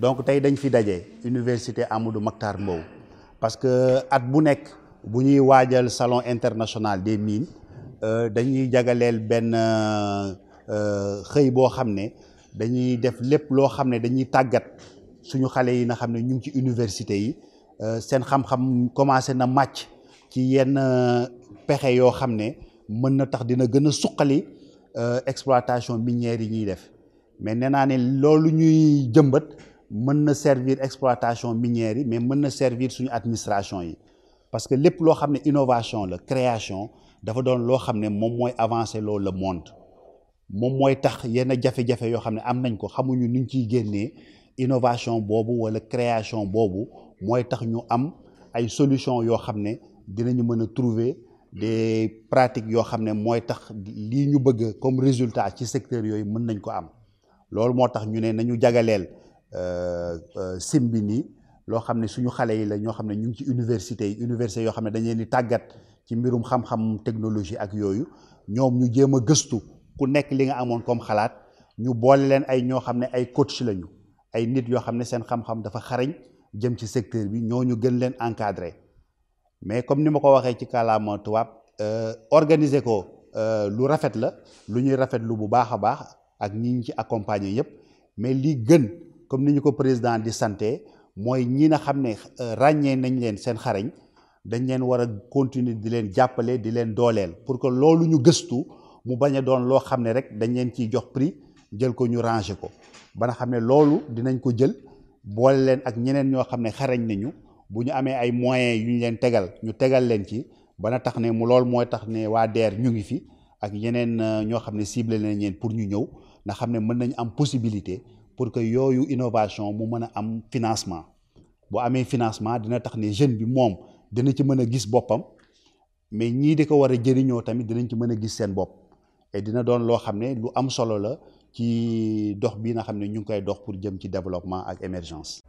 donc tay dañ fi dajé université Amadou Mahtar Mbow parce que at bu nek buñuy ñuy salon international des mines euh dañuy jagalel ben euh xey bo xamné dañuy def lepp lo xamné dañuy tagat suñu xalé yi nga xamné ñu ci université yi euh sen xam-xam commencé na match ci yenn euh, pexé yo xamné ne mën na tax dina gëna a euh exploitation minière yi ñi def mais néna né lolu ñuy jëmbat mën na servir exploitation minière yi mais mën na servir suñu administration yi parce que lépp loo xam ne innovation la création dafa doon loo xam ne moom mooy avancer loolu le monde moom mooy tax yenn jafe-jafe yoo xam ne am nañ ko xamuñu nuñ ciy génnee innovation boobu wala création boobu mooy tax ñu am ay solution yoo xam ne dinañu mën a trouver des pratiques yoo xam ne mooy tax lii ñu bëgg comme résultat ci secteur yooyu mën nañ ko am loolu moo tax ñu ne nañu jagaleel Euh, euh, Simbini loo xam ne suñu xale yi la ñoo xam ne ñu ngi ci université yi université yoo xam ne dañ leen tàggat ci mbirum xam-xam technologie ak yooyu ñoom ñu jéem a gëstu ku nekk li nga amoon comme xalaat ñu boole leen ay ñoo xam ne ay coach lañu ay nit yoo xam ne seen xam-xam dafa xarañ jëm ci secteur bi ñoo ñu gën leen encadré mais comme ni ma ko waxee ci kàllaama tubaab euh, organiser ko lu rafet la lu ñuy rafetlu bu baax a baax ak ñi ñu ci accompagner yépp li gën. comme ni ñu ko président di santé mooy ñii nga xam ne euh, ràññee nañ leen seen xareñ dañ leen war a continuer di leen jàppale di leen dooleel pour que loolu ñu gëstu mu bañ a doon loo xam ne rek dañ leen ciy jox prix jël ko ñu ranger ko ba nga xam ne loolu dinañ ko jël boole leen ak ñeneen ñoo xam ne xarañ nañu bu ñu amee ay moyens yu ñu leen tegal ñu tegal leen ci bana tax ne mu loolu mooy tax ne waa DER ñu ngi fi ak ñeneen euh, ñoo xam ne ciblé leen ñeen pour ñu ñëw nga ne mën nañ am possibilité pour que yooyu innovation mu mën a am financement bu financement dina tax ne jeune dina ci gis mais ñii di ko war a tamit dinañ et dina doon loo xam ne lu am solo la ci dox bi nga ñu développement émergence